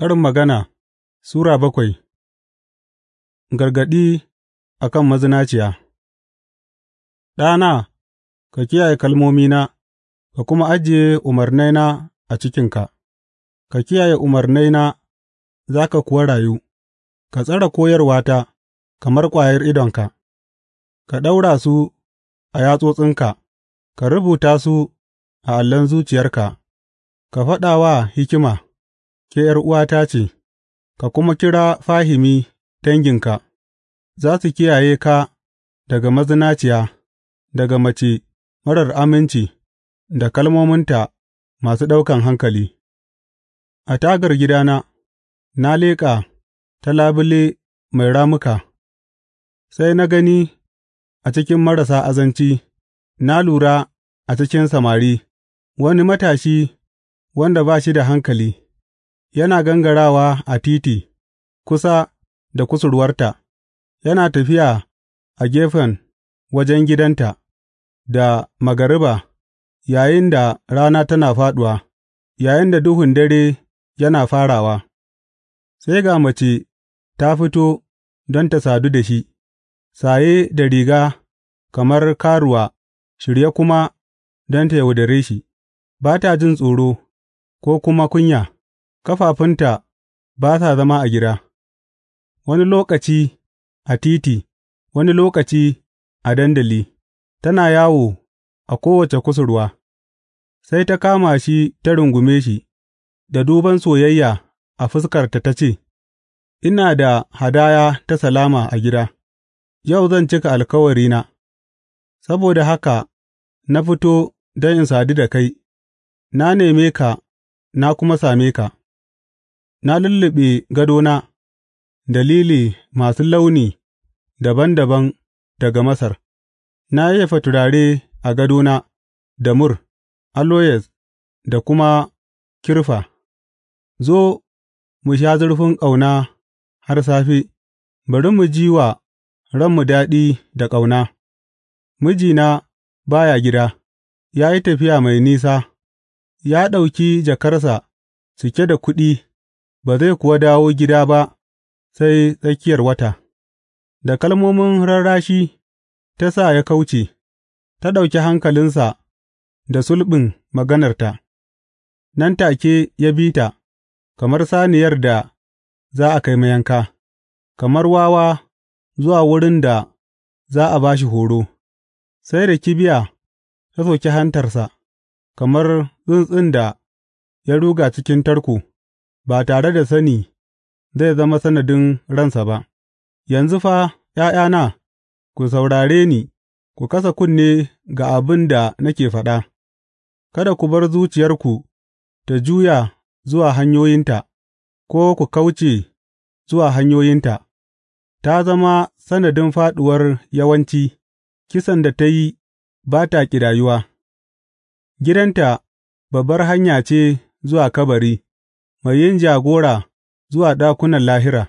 Karin Magana Sura bakwai Gargaɗi a kan mazinaciya Ɗana, ka kiyaye kalmomina, ka kuma ajiye umarnaina a cikinka, ka kiyaye umarnaina za ka kuwa rayu, ka tsara koyarwata kamar ƙwayar idonka, ka ɗaura su a yatsotsinka, ka rubuta su a allon zuciyarka, ka faɗa wa hikima. Ke ’yar'uwata ce, ka kuma kira fahimi danginka; za su kiyaye ka daga mazinaciya, daga mace marar aminci da kalmominta masu ɗaukan hankali A tagar gidana, na leƙa ta labule mai ramuka. sai na gani a cikin marasa azanci, na lura a cikin samari, wani matashi wanda ba shi da hankali. yana gangarawa a titi kusa da kusurwarta, yana tafiya a gefen wajen gidanta da magariba yayinda rana tana fāɗuwa, yayinda duhun dare yana farawa, sai ga mace ta fito don ta sadu da shi, saye da riga kamar karuwa, shirye kuma don ta yaudare shi, ba ta jin tsoro ko kuma kunya. Ƙafafunta ba sa zama a gida, wani lokaci a titi, wani lokaci a dandali, tana yawo a kowace kusurwa, sai ta kama shi ta rungume shi, da duban soyayya a fuskarta ta ce, Ina da hadaya ta salama a gida, yau zan cika alkawarina, saboda haka na fito don in sadu da kai, na neme ka na kuma same ka. Na lulluɓe gadona da lili masu launi dabam dabam daga Masar; na yayyafa turare a gadona da mur, aloyes da kuma kirfa Zo, mu sha zurfin ƙauna har safe; bari mu ji wa ranmu daɗi da ƙauna Mijina ba ya gida, ya yi tafiya mai nisa; ya ɗauki jakarsa cike da kuɗi. ba zai kuwa dawo gida ba sai tsakiyar wata, da kalmomin rarrashi ta sa ya kauce, ta ɗauki hankalinsa da sulɓin maganarta, nan take ya bi ta, kamar saniyar da za a kai mayanka, kamar wawa zuwa wurin da za a ba shi horo, sai da kibiya ta soki hantarsa, kamar tsuntsun da ya ruga cikin tarko. ba tare da sani zai zama sanadin ransa ba, yanzu fa, ’ya'yana, ku saurare ni, ku kasa kunne ga abin da nake faɗa, kada ku bar zuciyarku ta juya zuwa hanyoyinta, ko ku kauce zuwa hanyoyinta, ta zama sanadin faɗuwar yawanci, kisan da ta yi ba ta ƙidayuwa, gidanta babbar hanya ce zuwa kabari. mai yin jagora zuwa ɗakunan lahira.